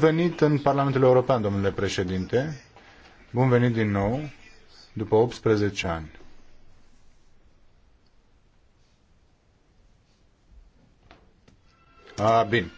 venit în Parlamentul European, domnule președinte. Bun venit din nou, după 18 ani. A, ah, bine.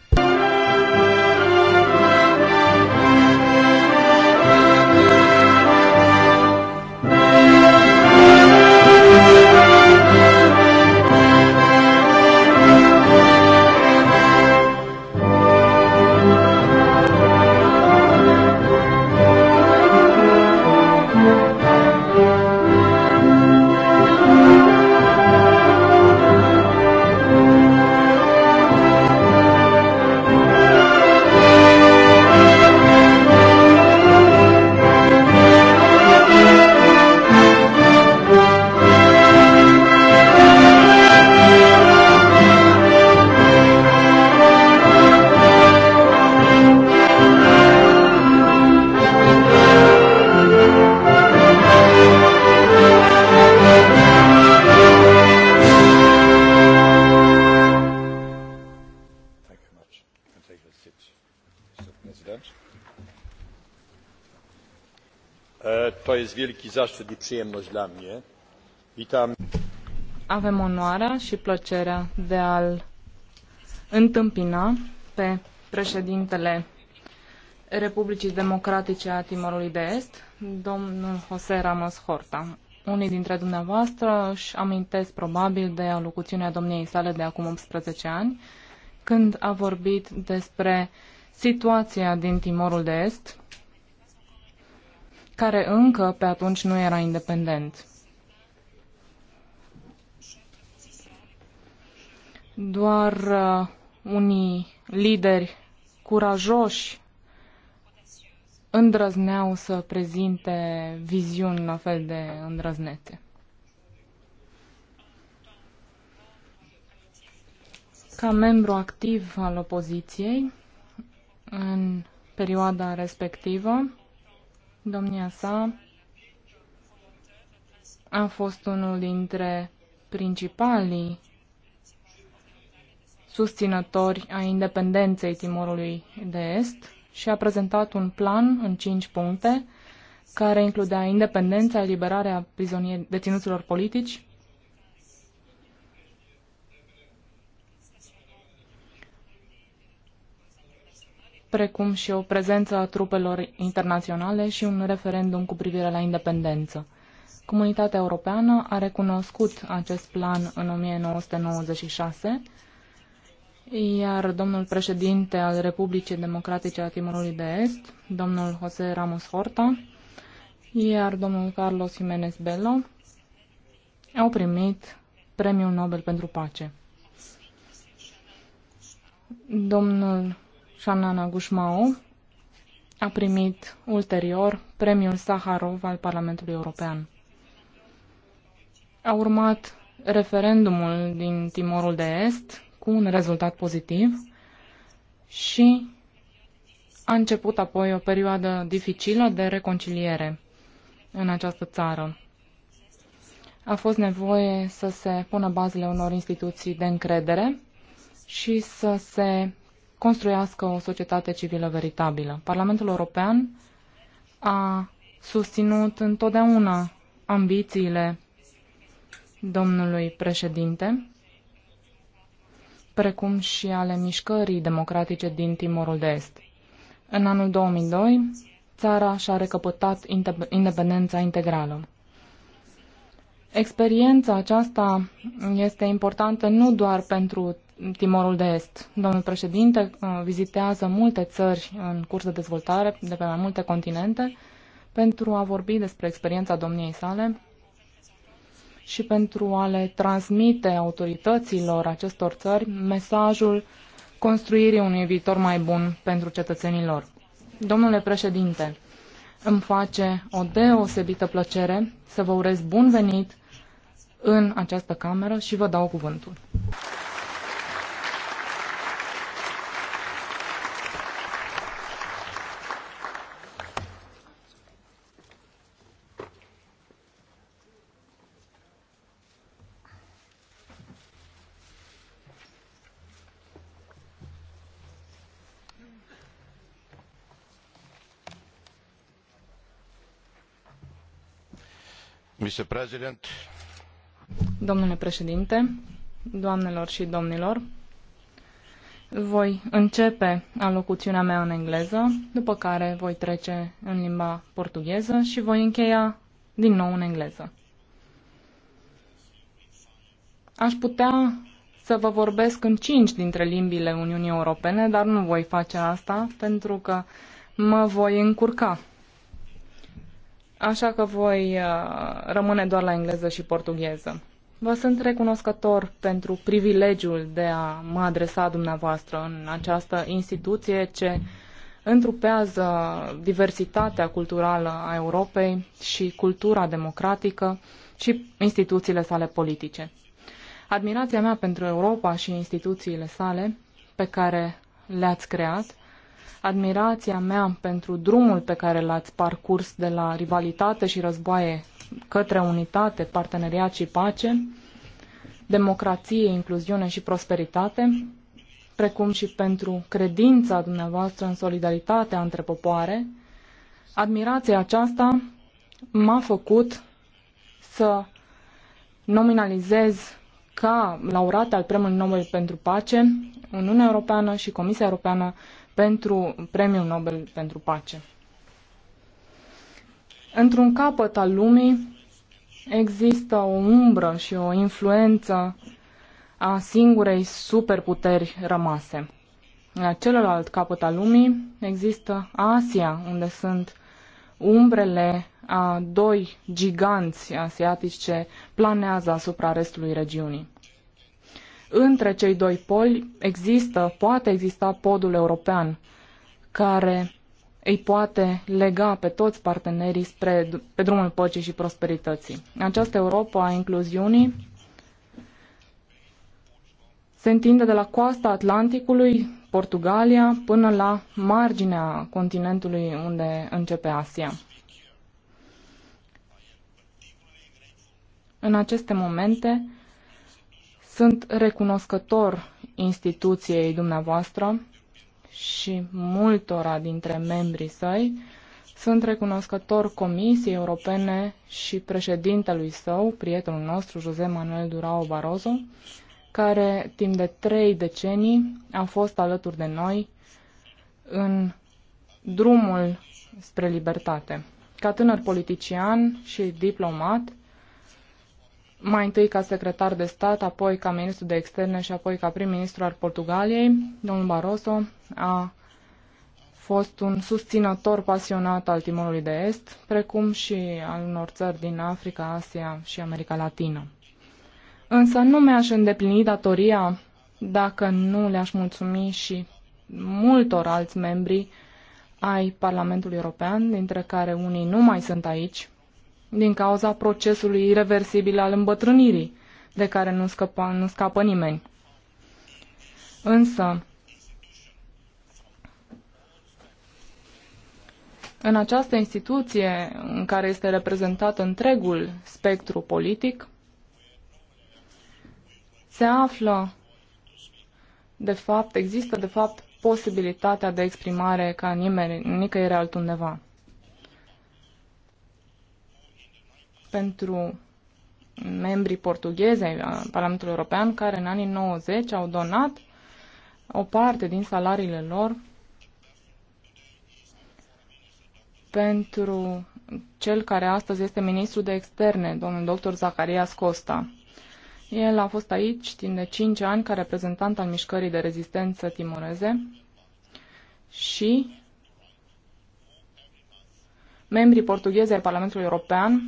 Avem onoarea și plăcerea de a-l întâmpina pe președintele Republicii Democratice a Timorului de Est, domnul José Ramos Horta. Unii dintre dumneavoastră își amintesc probabil de alocuțiunea domniei sale de acum 18 ani, când a vorbit despre situația din Timorul de Est care încă pe atunci nu era independent. Doar uh, unii lideri curajoși îndrăzneau să prezinte viziuni la fel de îndrăznețe. Ca membru activ al opoziției, în perioada respectivă, Domnia sa a fost unul dintre principalii susținători a independenței Timorului de Est și a prezentat un plan în cinci puncte care includea independența, eliberarea prizonier- deținuților politici, precum și o prezență a trupelor internaționale și un referendum cu privire la independență. Comunitatea europeană a recunoscut acest plan în 1996, iar domnul președinte al Republicii Democratice a Timorului de Est, domnul José Ramos Horta, iar domnul Carlos Jiménez Bello au primit Premiul Nobel pentru Pace. Domnul Shanana Gushmao a primit ulterior premiul Saharov al Parlamentului European. A urmat referendumul din Timorul de Est cu un rezultat pozitiv și a început apoi o perioadă dificilă de reconciliere în această țară. A fost nevoie să se pună bazele unor instituții de încredere și să se construiască o societate civilă veritabilă. Parlamentul European a susținut întotdeauna ambițiile domnului președinte, precum și ale mișcării democratice din Timorul de Est. În anul 2002, țara și-a recăpătat independența integrală. Experiența aceasta este importantă nu doar pentru Timorul de Est. Domnul președinte uh, vizitează multe țări în curs de dezvoltare de pe mai multe continente pentru a vorbi despre experiența domniei sale și pentru a le transmite autorităților acestor țări mesajul construirii unui viitor mai bun pentru cetățenii lor. Domnule președinte, îmi face o deosebită plăcere să vă urez bun venit în această cameră și vă dau cuvântul. Domnule președinte, și domnilor, voi începe alocuțiunea mea în engleză, după care voi trece în limba portugheză și voi încheia din nou în engleză. Aș putea să vă vorbesc în cinci dintre limbile Uniunii Europene, dar nu voi face asta pentru că mă voi încurca așa că voi uh, rămâne doar la engleză și portugheză. Vă sunt recunoscător pentru privilegiul de a mă adresa dumneavoastră în această instituție ce întrupează diversitatea culturală a Europei și cultura democratică și instituțiile sale politice. Admirația mea pentru Europa și instituțiile sale pe care le-ați creat admirația mea pentru drumul pe care l-ați parcurs de la rivalitate și războaie către unitate, parteneriat și pace, democrație, incluziune și prosperitate, precum și pentru credința dumneavoastră în solidaritatea între popoare, admirația aceasta m-a făcut să nominalizez ca laureat al Premiului Nobel pentru Pace Uniunea Europeană și Comisia Europeană pentru Premiul Nobel pentru Pace. Într-un capăt al lumii există o umbră și o influență a singurei superputeri rămase. La celălalt capăt al lumii există Asia, unde sunt umbrele a doi giganți asiatici ce planează asupra restului regiunii între cei doi poli există, poate exista podul european care îi poate lega pe toți partenerii spre, pe drumul păcii și prosperității. Această Europa a incluziunii se întinde de la coasta Atlanticului, Portugalia, până la marginea continentului unde începe Asia. În aceste momente, sunt recunoscător instituției dumneavoastră și multora dintre membrii săi. Sunt recunoscător Comisiei Europene și președintelui său, prietenul nostru, José Manuel Durao Barroso, care timp de trei decenii a fost alături de noi în drumul spre libertate. Ca tânăr politician și diplomat, mai întâi ca secretar de stat, apoi ca ministru de externe și apoi ca prim-ministru al Portugaliei, domnul Barroso a fost un susținător pasionat al Timorului de Est, precum și al unor țări din Africa, Asia și America Latină. Însă nu mi-aș îndeplini datoria dacă nu le-aș mulțumi și multor alți membri ai Parlamentului European, dintre care unii nu mai sunt aici, din cauza procesului irreversibil al îmbătrânirii, de care nu, scăpa, nu scapă nimeni. Însă, în această instituție în care este reprezentat întregul spectru politic, se află, de fapt, există, de fapt, posibilitatea de exprimare ca nimeni, nicăieri altundeva. pentru membrii portughezi ai Parlamentului European care în anii 90 au donat o parte din salariile lor pentru cel care astăzi este ministru de externe, domnul dr. Zacarias Costa. El a fost aici timp de 5 ani ca reprezentant al mișcării de rezistență timoreze și membrii portughezi ai Parlamentului European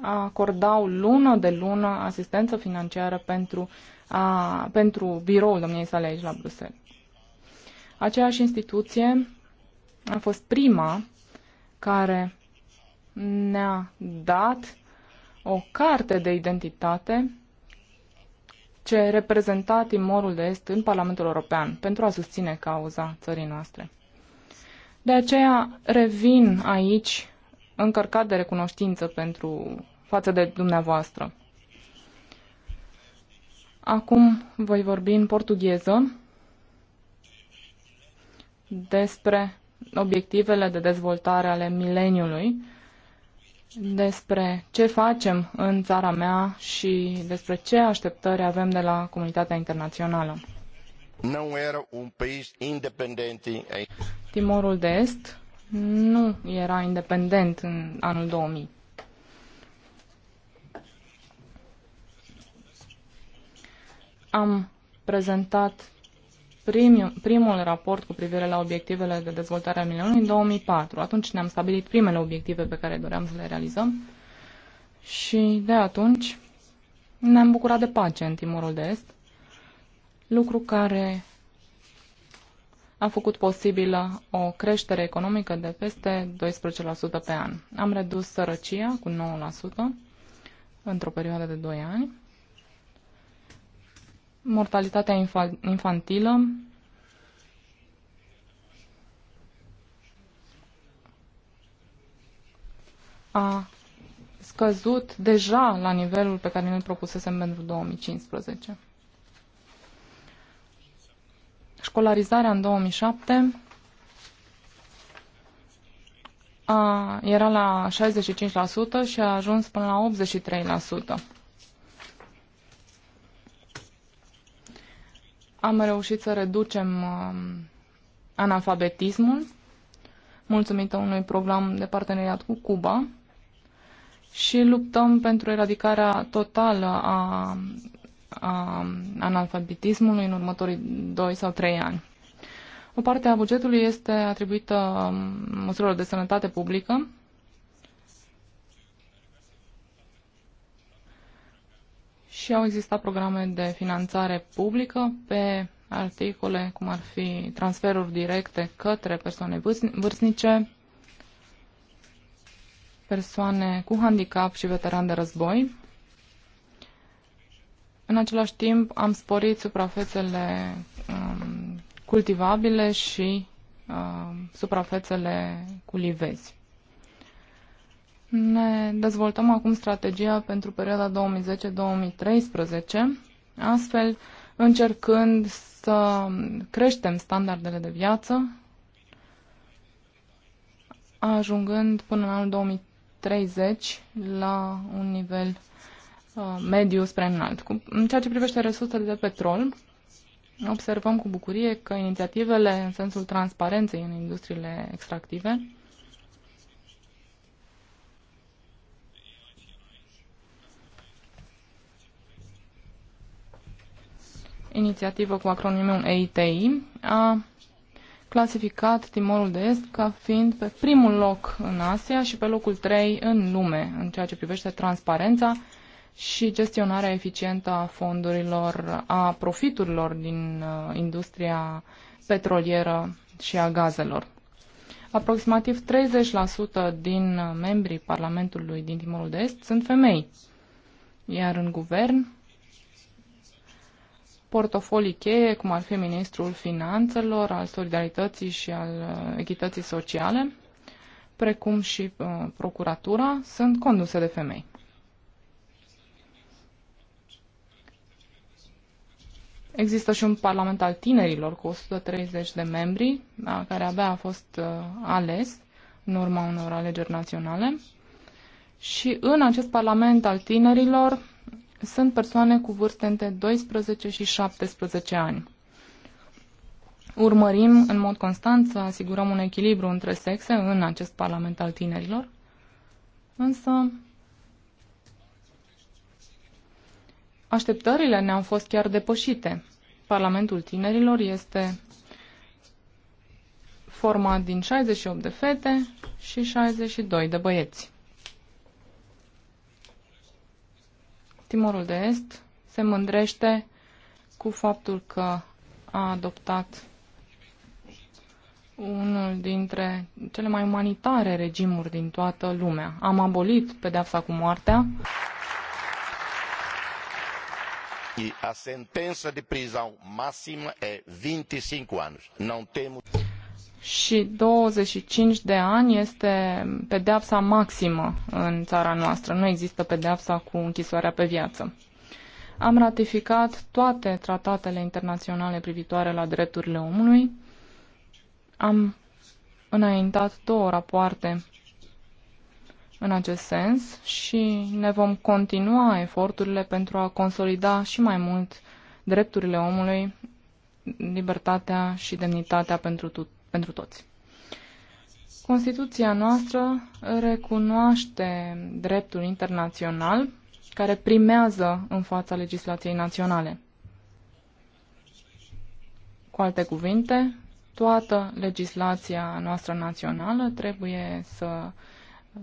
acordau lună de lună asistență financiară pentru, a, pentru biroul domniei sale aici la Bruxelles. Aceeași instituție a fost prima care ne-a dat o carte de identitate ce reprezenta Timorul de Est în Parlamentul European pentru a susține cauza țării noastre. De aceea revin aici încărcat de recunoștință pentru față de dumneavoastră. Acum voi vorbi în portugheză despre obiectivele de dezvoltare ale mileniului, despre ce facem în țara mea și despre ce așteptări avem de la comunitatea internațională. Um Timorul de Est nu era independent în anul 2000. Am prezentat primul, primul raport cu privire la obiectivele de dezvoltare a mileniului în 2004. Atunci ne-am stabilit primele obiective pe care doream să le realizăm și de atunci ne-am bucurat de pace în Timorul de Est, lucru care a făcut posibilă o creștere economică de peste 12% pe an. Am redus sărăcia cu 9% într-o perioadă de 2 ani. Mortalitatea infantilă a scăzut deja la nivelul pe care ne-l propusesem pentru 2015. Școlarizarea în 2007 a, era la 65% și a ajuns până la 83%. Am reușit să reducem um, analfabetismul mulțumită unui program de parteneriat cu Cuba și luptăm pentru eradicarea totală a analfabetismului în următorii 2 sau 3 ani. O parte a bugetului este atribuită um, măsurilor de sănătate publică, și au existat programe de finanțare publică pe articole, cum ar fi transferuri directe către persoane vârstnice, persoane cu handicap și veterani de război. În același timp am sporit suprafețele um, cultivabile și um, suprafețele cu livezi. Ne dezvoltăm acum strategia pentru perioada 2010-2013, astfel încercând să creștem standardele de viață, ajungând până în anul 2030 la un nivel Uh, mediu spre înalt. În ceea ce privește resursele de petrol, observăm cu bucurie că inițiativele în sensul transparenței în industriile extractive inițiativă cu acronimul EITI a clasificat Timorul de Est ca fiind pe primul loc în Asia și pe locul 3 în lume în ceea ce privește transparența și gestionarea eficientă a fondurilor, a profiturilor din uh, industria petrolieră și a gazelor. Aproximativ 30% din uh, membrii Parlamentului din Timorul de Est sunt femei, iar în guvern portofolii cheie, cum ar fi Ministrul Finanțelor, al Solidarității și al uh, Echității Sociale, precum și uh, Procuratura, sunt conduse de femei. Există și un parlament al tinerilor cu 130 de membri, care abia a fost uh, ales în urma unor alegeri naționale. Și în acest parlament al tinerilor sunt persoane cu vârste între 12 și 17 ani. Urmărim în mod constant să asigurăm un echilibru între sexe în acest parlament al tinerilor, însă Așteptările ne-au fost chiar depășite. Parlamentul tinerilor este format din 68 de fete și 62 de băieți. Timorul de Est se mândrește cu faptul că a adoptat unul dintre cele mai umanitare regimuri din toată lumea. Am abolit pedeapsa cu moartea. E a sentença de prisão máxima é 25 anos. Não temos și 25 de ani este pedeapsa maximă în țara noastră. Nu există pedeapsa cu închisoarea pe viață. Am ratificat toate tratatele internaționale privitoare la drepturile omului. Am înaintat două rapoarte în acest sens și ne vom continua eforturile pentru a consolida și mai mult drepturile omului, libertatea și demnitatea pentru, tu- pentru toți. Constituția noastră recunoaște dreptul internațional care primează în fața legislației naționale. Cu alte cuvinte, toată legislația noastră națională trebuie să uh,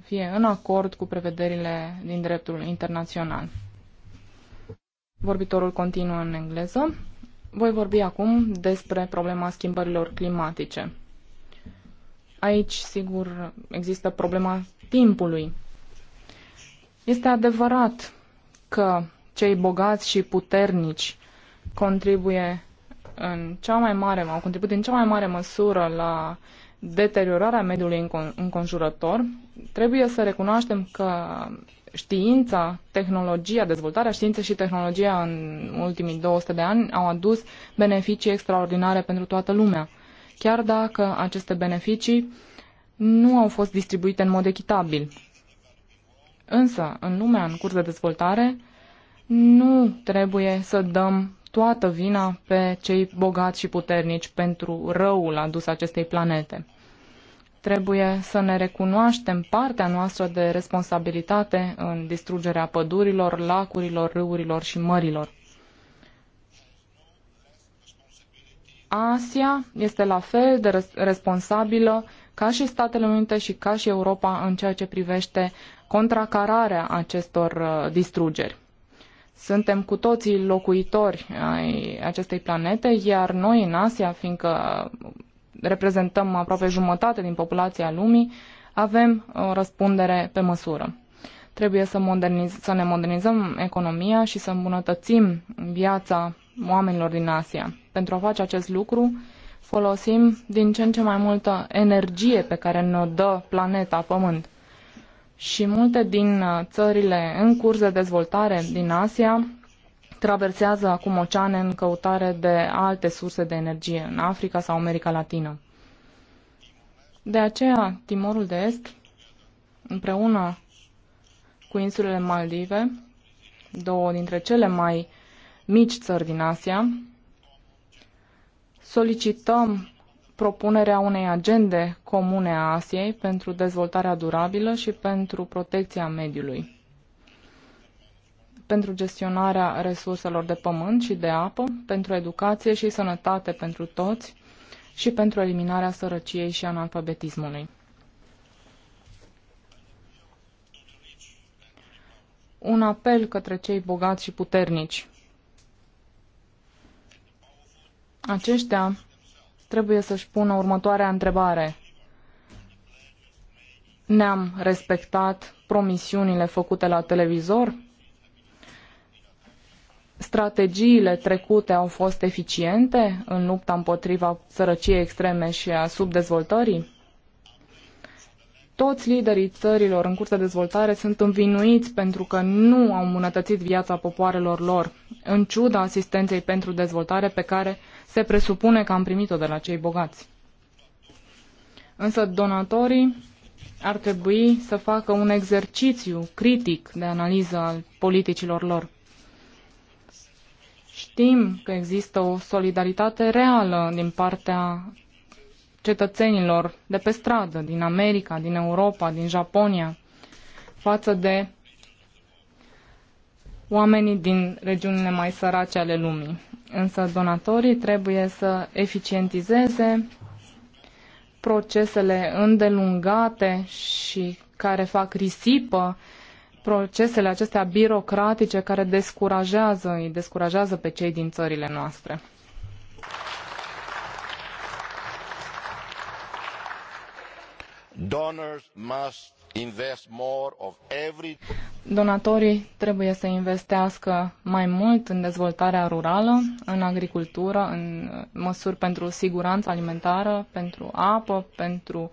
fie în acord cu prevederile din dreptul internațional. Vorbitorul continuă în engleză. Voi vorbi acum despre problema schimbărilor climatice. Aici, sigur, există problema timpului. Este adevărat că cei bogați și puternici contribuie în cea mai mare, au contribuit în cea mai mare măsură la deteriorarea mediului înconjurător, trebuie să recunoaștem că știința, tehnologia, dezvoltarea științei și tehnologia în ultimii 200 de ani au adus beneficii extraordinare pentru toată lumea, chiar dacă aceste beneficii nu au fost distribuite în mod echitabil. Însă, în lumea în curs de dezvoltare, nu trebuie să dăm toată vina pe cei bogați și puternici pentru răul adus acestei planete. Trebuie să ne recunoaștem partea noastră de responsabilitate în distrugerea pădurilor, lacurilor, râurilor și mărilor. Asia este la fel de responsabilă ca și Statele Unite și ca și Europa în ceea ce privește contracararea acestor uh, distrugeri. Suntem cu toții locuitori ai acestei planete, iar noi în Asia, fiindcă reprezentăm aproape jumătate din populația lumii, avem o răspundere pe măsură. Trebuie să, moderniz- să ne modernizăm economia și să îmbunătățim viața oamenilor din Asia. Pentru a face acest lucru, folosim din ce în ce mai multă energie pe care ne-o dă planeta Pământ și multe din uh, țările în curs de dezvoltare din Asia traversează acum oceane în căutare de alte surse de energie, în Africa sau America Latină. De aceea, Timorul de Est, împreună cu insulele Maldive, două dintre cele mai mici țări din Asia, solicităm propunerea unei agende comune a Asiei pentru dezvoltarea durabilă și pentru protecția mediului, pentru gestionarea resurselor de pământ și de apă, pentru educație și sănătate pentru toți și pentru eliminarea sărăciei și analfabetismului. Un apel către cei bogați și puternici. Aceștia trebuie să-și pună următoarea întrebare. Ne-am respectat promisiunile făcute la televizor? Strategiile trecute au fost eficiente în lupta împotriva sărăciei extreme și a subdezvoltării? toți liderii țărilor în curs de dezvoltare sunt învinuiți pentru că nu au îmbunătățit viața popoarelor lor, în ciuda asistenței pentru dezvoltare pe care se presupune că am primit-o de la cei bogați. Însă donatorii ar trebui să facă un exercițiu critic de analiză al politicilor lor. Știm că există o solidaritate reală din partea cetățenilor de pe stradă, din America, din Europa, din Japonia, față de oamenii din regiunile mai sărace ale lumii. Însă donatorii trebuie să eficientizeze procesele îndelungate și care fac risipă procesele acestea birocratice care descurajează, îi descurajează pe cei din țările noastre. Donatorii trebuie să investească mai mult în dezvoltarea rurală, în agricultură, în uh, măsuri pentru siguranță alimentară, pentru apă, pentru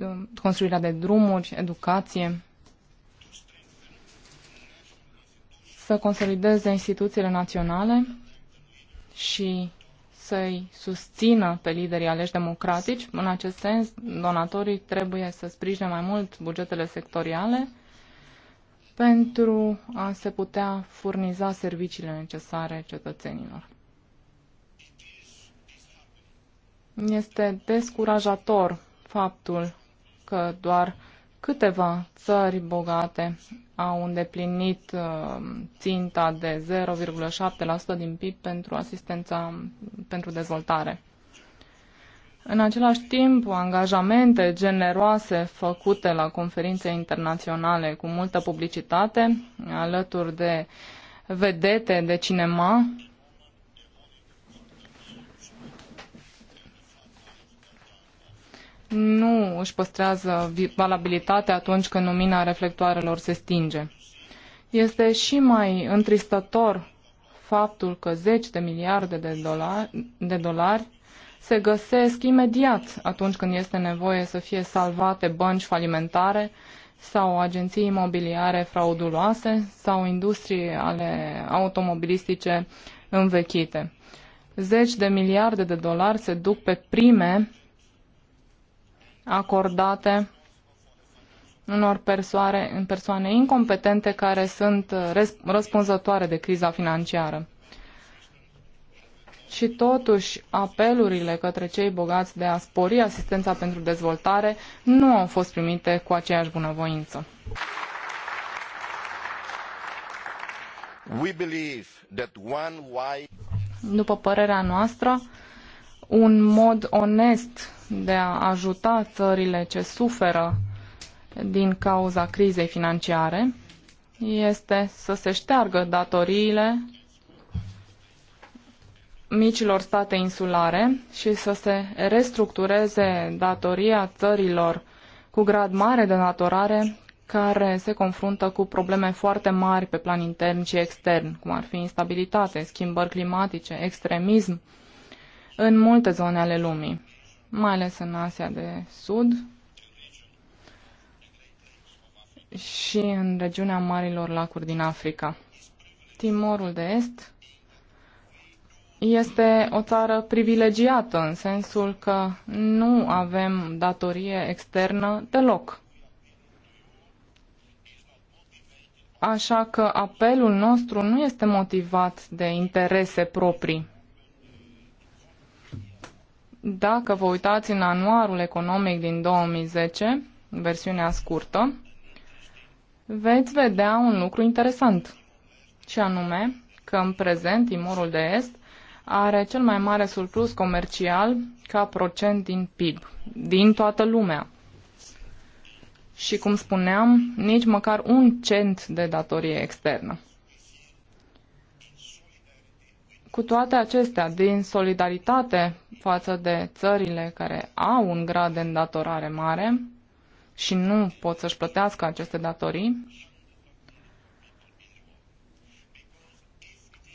uh, construirea de drumuri, educație. Să consolideze instituțiile naționale și să-i susțină pe liderii aleși democratici. În acest sens, donatorii trebuie să sprijine mai mult bugetele sectoriale pentru a se putea furniza serviciile necesare cetățenilor. Este descurajator faptul că doar Câteva țări bogate au îndeplinit uh, ținta de 0,7% din PIB pentru asistența pentru dezvoltare. În același timp, angajamente generoase făcute la conferințe internaționale cu multă publicitate, alături de vedete de cinema, nu își păstrează valabilitatea atunci când lumina reflectoarelor se stinge. Este și mai întristător faptul că zeci de miliarde de dolari, de dolari se găsesc imediat atunci când este nevoie să fie salvate bănci falimentare sau agenții imobiliare frauduloase sau industrii ale automobilistice învechite. Zeci de miliarde de dolari se duc pe prime acordate unor persoane, persoane incompetente care sunt uh, răspunzătoare de criza financiară. Și totuși, apelurile către cei bogați de a spori asistența pentru dezvoltare nu au fost primite cu aceeași bunăvoință. We believe that one why... După părerea noastră, un mod onest de a ajuta țările ce suferă din cauza crizei financiare este să se șteargă datoriile micilor state insulare și să se restructureze datoria țărilor cu grad mare de datorare care se confruntă cu probleme foarte mari pe plan intern și extern, cum ar fi instabilitate, schimbări climatice, extremism, în multe zone ale lumii, mai ales în Asia de Sud și în regiunea Marilor Lacuri din Africa. Timorul de Est este o țară privilegiată în sensul că nu avem datorie externă deloc. Așa că apelul nostru nu este motivat de interese proprii. Dacă vă uitați în anuarul economic din 2010, versiunea scurtă, veți vedea un lucru interesant, și anume că în prezent Timorul de Est are cel mai mare surplus comercial ca procent din PIB, din toată lumea. Și cum spuneam, nici măcar un cent de datorie externă. Cu toate acestea, din solidaritate față de țările care au un grad de îndatorare mare și nu pot să-și plătească aceste datorii,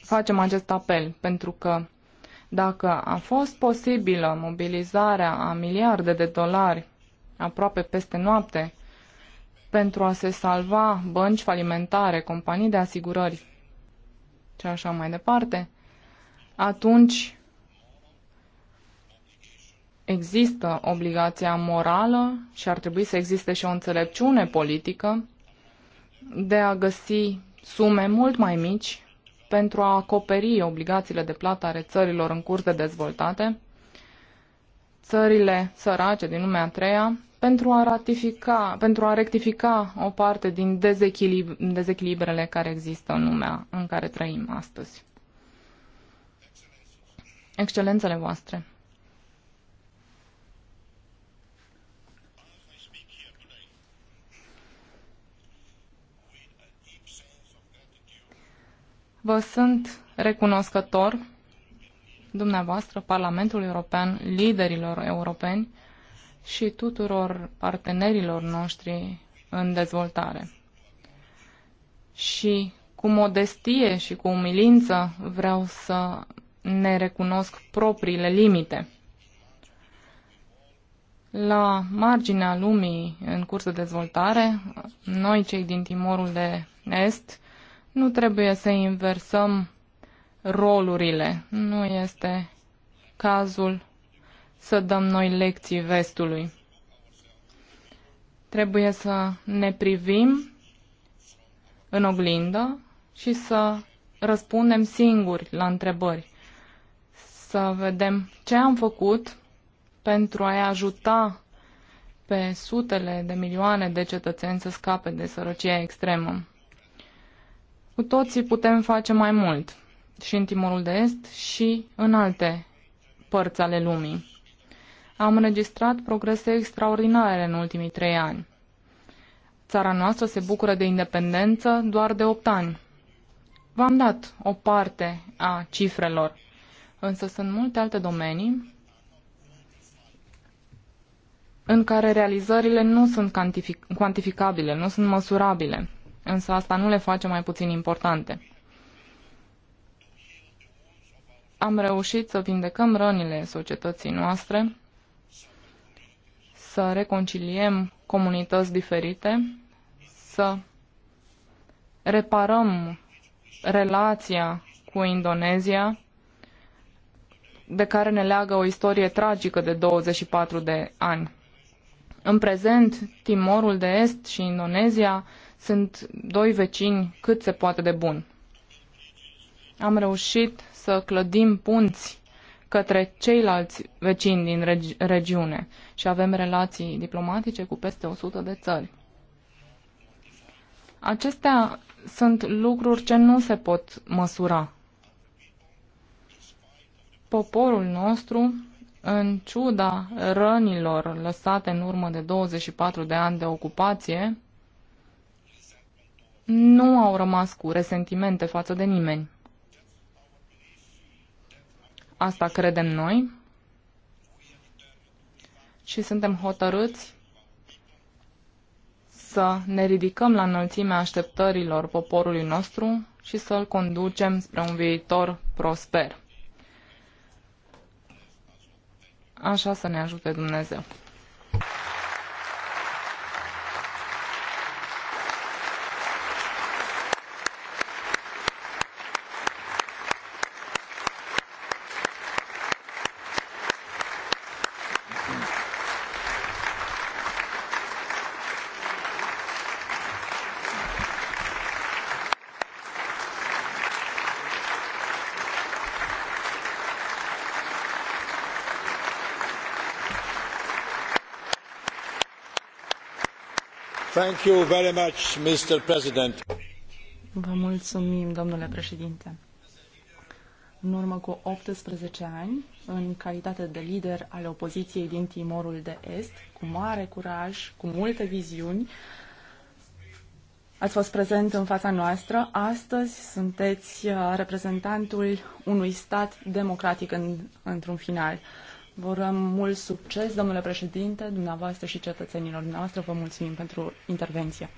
facem acest apel, pentru că dacă a fost posibilă mobilizarea a miliarde de dolari aproape peste noapte pentru a se salva bănci falimentare, companii de asigurări și așa mai departe, atunci există obligația morală și ar trebui să existe și o înțelepciune politică de a găsi sume mult mai mici pentru a acoperi obligațiile de plată ale țărilor în curs de dezvoltate, țările sărace din lumea a treia, pentru a, ratifica, pentru a rectifica o parte din dezechilibrele care există în lumea în care trăim astăzi excelențele voastre. Vă sunt recunoscător dumneavoastră, Parlamentul European, liderilor europeni și tuturor partenerilor noștri în dezvoltare. Și cu modestie și cu umilință vreau să ne recunosc propriile limite. La marginea lumii în curs de dezvoltare, noi cei din Timorul de Est nu trebuie să inversăm rolurile. Nu este cazul să dăm noi lecții vestului. Trebuie să ne privim în oglindă și să răspundem singuri la întrebări să vedem ce am făcut pentru a-i ajuta pe sutele de milioane de cetățeni să scape de sărăcia extremă. Cu toții putem face mai mult, și în Timorul de Est și în alte părți ale lumii. Am înregistrat progrese extraordinare în ultimii trei ani. Țara noastră se bucură de independență doar de opt ani. V-am dat o parte a cifrelor Însă sunt multe alte domenii în care realizările nu sunt cuantificabile, nu sunt măsurabile, însă asta nu le face mai puțin importante. Am reușit să vindecăm rănile societății noastre, să reconciliem comunități diferite, să reparăm relația cu Indonezia, de care ne leagă o istorie tragică de 24 de ani. În prezent, Timorul de Est și Indonezia sunt doi vecini cât se poate de buni. Am reușit să clădim punți către ceilalți vecini din regi- regiune și avem relații diplomatice cu peste 100 de țări. Acestea sunt lucruri ce nu se pot măsura. Poporul nostru, în ciuda rănilor lăsate în urmă de 24 de ani de ocupație, nu au rămas cu resentimente față de nimeni. Asta credem noi și suntem hotărâți să ne ridicăm la înălțimea așteptărilor poporului nostru și să-l conducem spre un viitor prosper. Așa să ne ajute Dumnezeu. Vă mulțumim, domnule președinte. În urmă cu 18 ani, în calitate de lider al opoziției din Timorul de Est, cu mare curaj, cu multe viziuni, Ați fost prezent în fața noastră. Astăzi sunteți uh, reprezentantul unui stat democratic în, într-un final. Vă urăm mult succes, domnule președinte, dumneavoastră și cetățenilor dumneavoastră. Vă mulțumim pentru intervenție.